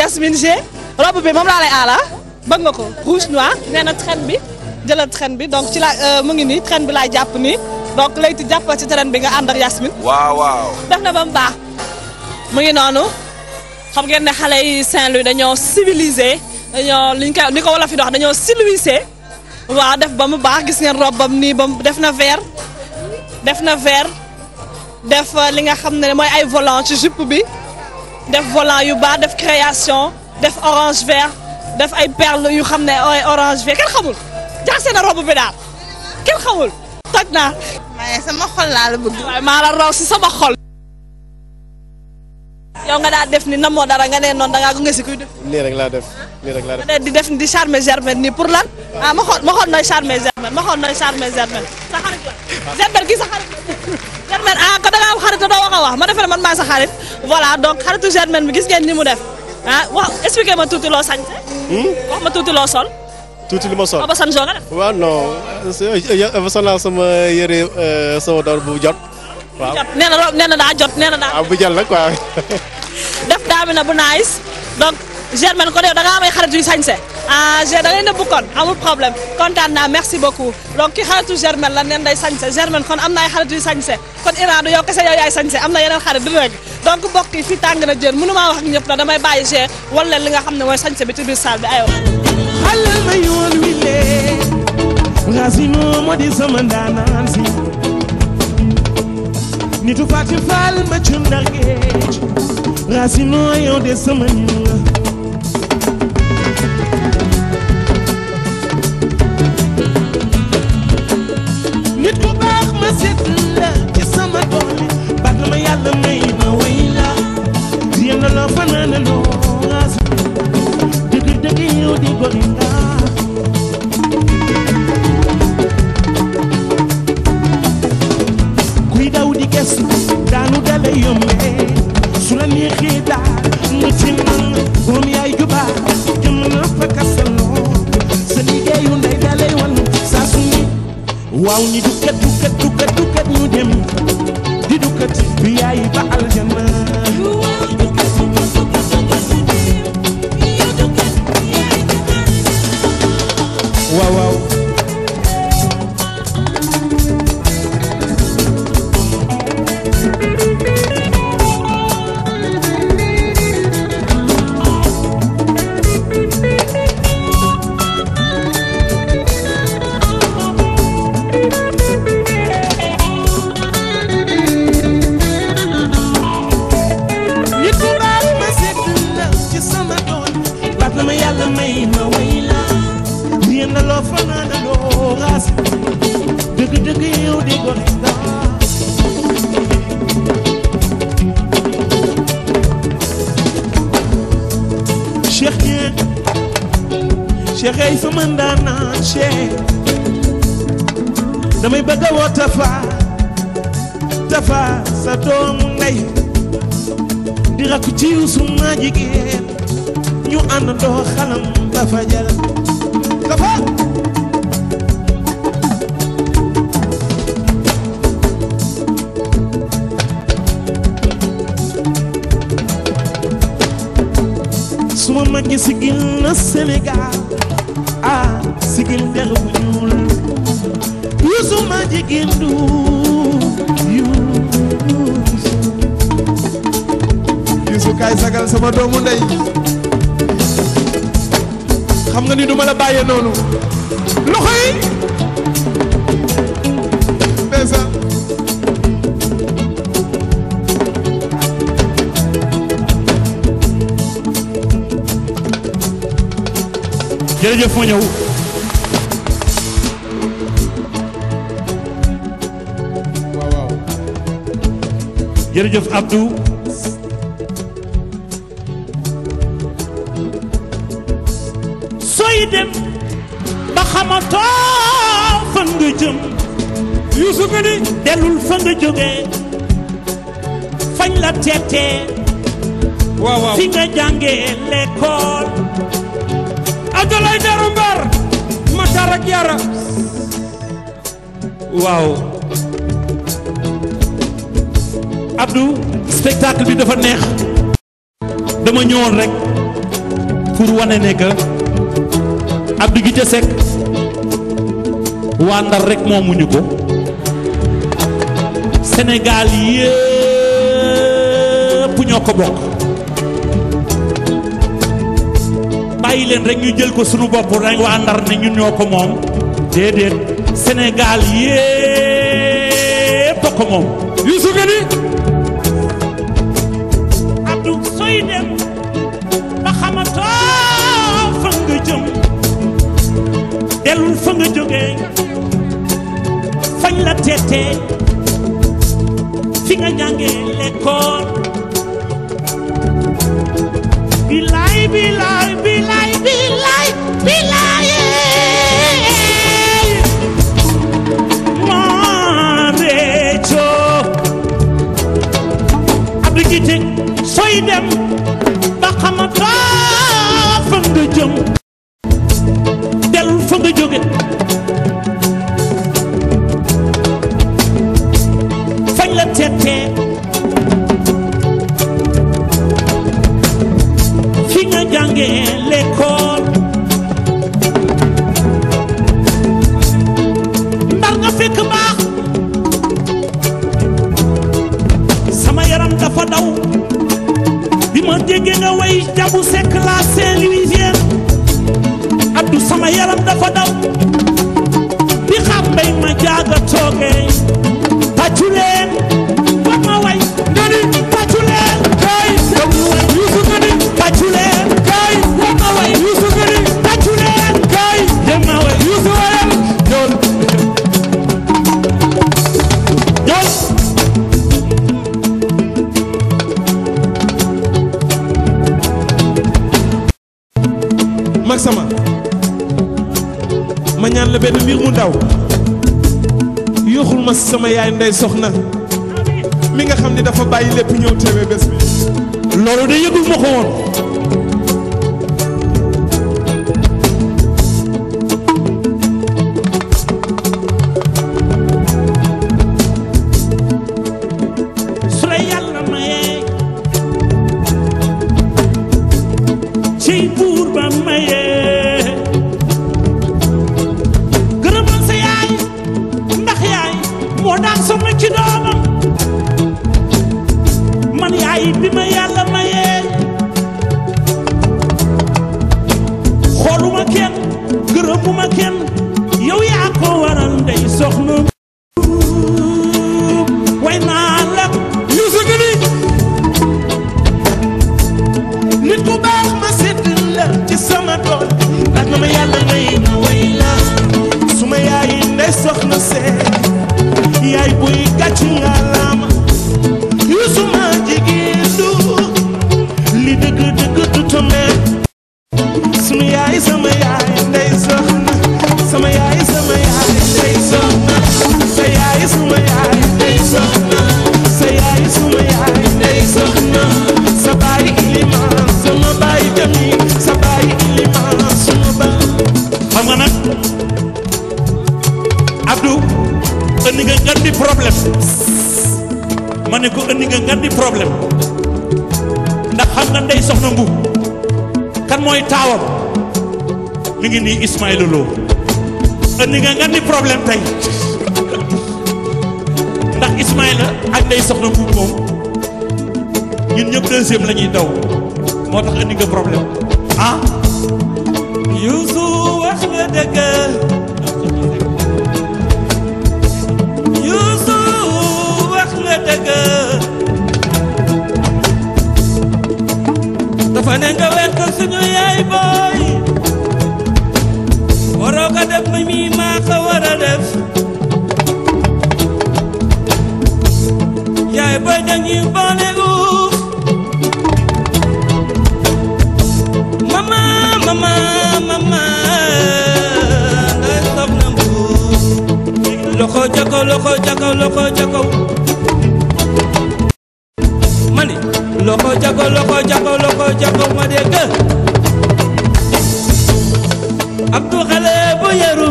Yasmine G robe bi moom laa lay aala bëgg nga ko rouge noir nee na traîne bi jëlal traîne bi donc ci laa euh, mu ngi nii traîne bi laa jàpp nii donc layti jàppal ci traîne bi nga ànd ak Yasmine. waaw waaw. def na ba mu baax mu ngi noonu xam ngeen ne xale yi Saint-Louis dañoo civilisé dañoo liñ ko ni ko wolof yi dox dañoo civilisé waaw def ba mu baax gis ngeen robam nii ba mu def na ver def na vert def euh, li nga xam ne mooy ay volant ci bi. def volant yu baax def création def orange vert def ay perle yu xam ne ay orange vert kenn xamul jaxase na robe bi daal kenn xamul toj naa. waaye sama xol laa la bëgg. maa la raw si sama xol. yow nga daa def na moo dara nga ne noon da ngaa gunge si kuy def. lii di def di charmer Germaine nii pour lan. ah ma xool nooy charmer Germaine ma xool nooy charmer Germaine. sa xarit la Germaine gi sa xarit la. Germaine ah ko da nga am xarit doo wax a wax ma defe ne voilà donc xaritu Germaine bi gis ngeen ni mu def ah wax expliqué ma tuuti loo sañse hmm? wax ma tuuti loo sol. tuuti li ma sol euh, euh, euh, bu jot. waaw jot nee na loo nee daa jot nee na ah, def daa na bu nice donc Germaine ko yow da nga ah je da ngay nëbbu kon amul problème kontaan naa merci beaucoup donc ki tu Germaine la neen day sañse Germaine kon am na ay xarit yu sañse kon Iran du yow kese yow yaay sañse am na yeneen xarit du donc mbokk yi fii tàng na maa wax ak na damay bàyyi G wala li nga xam ne mooy sañse bi ci biir salle bi ayo xale ma yoon wi si nitu Fatou Fall ma ci ndar géej Racine yow de sama ñëw yesu danu dele yom cheikh ñeen cheikh ay sama ndaanaan cheikh damay bëgg a woo Tafa Tafa sa doomu ndey di rakku ci Yuusu ma jigéen ñu ànd doo xalam Tafa jal Tafa góor gi sigil na Sénégal ah sigil delu bu ñuul Youssou ma jigéen du Youssou kaay sagal sama doomu ndey xam nga ni duma la bàyyee noonu loxo yi jërëjëf ma ñëw. jërëjëf Abdou. sooy dem. ba xamatoo fan nga jëm. Youssou nga ni. dellul fa nga jógee. fañ la teetee. fi nga jàngee l'école. Adalay Darou bi dafa neex dama ñëwoon rek pour wane ne que Abdou Guité Seck waa Ndar rek moomuñu ko senegaal yépp ñoo ko bokk bàyyi leen rek ñu jël ko suñu bopp rek waa Ndar ne ñun ñoo ko moom déedéet Sénégal yépp a ko moom Youssou nga ni Abdou sooy dem ba xamatoo fa nga jëm dellul fa nga jógee fañ la teetee fi nga jàngee l'école bilaay bilaay ndey jabu sekk la Saint-Louisienne addu sama yaram dafa daw bi xam mbay ma jaaga toogee ñaan la benn mbir mu ndaw yoxul ma sama yaay ndey soxna mi nga xam ne dafa bàyyi lépp ñëw teewe bés bi loolu de yëgul ma ko woon ci doomam man yaay bi ma yàlla mayee xooluma kenn gërëmuma kenn yow yaa ko waral ndey soxna ma ne ko andi nga ngandi problème ndax xam nga ndey soxna mbu kan mooy taawam mi ngi nii Ismaïla Lo andi nga ngandi problème tey ndax Ismaïla ak ndey soxna mbu moom ñun ñëpp deuxième la ñuy daw moo tax andi nga problème ah? jàkkoog ma dégg ab du xale bu yaru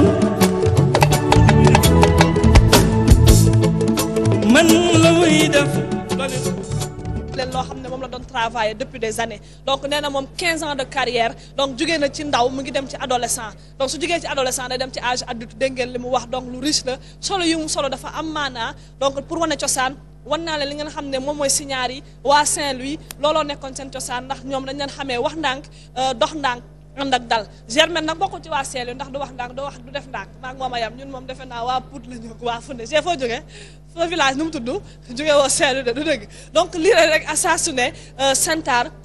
man muy def leen loo xam ne moom la doon travailler depuis des années donc nee na moom 15 ans de carrière donc jugee na ci ndaw mu ngi dem ci adolescent donc su jugee ci adolescent day dem ci âge adulte dégg ngeen li mu wax donc lu riche la solo yu solo dafa am maanaa donc pour wane cosaan wan naa leen li ngeen xam ne moom mooy signaar yi waa Saint-Louis looloo nekkoon seen cosaan ndax ñoom dañ leen xamee wax ndànk euh, dox ndànk ànd ak dal Germaine nag bokkul ci waa Saint-Louis ndax du wax ndànk du wax du def ndànk maa ngi moom a yam ñun moom defe naa waa Pout la ñu waa Funde j'ai foo jógee foo village nu mu tudd jógee woo Saint-Louis de du dëgg donc lii rek a à su ne euh, sentaar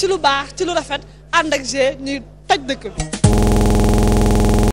ci lu baax ci lu rafet ànd ak G ñuy taj dëkk bi.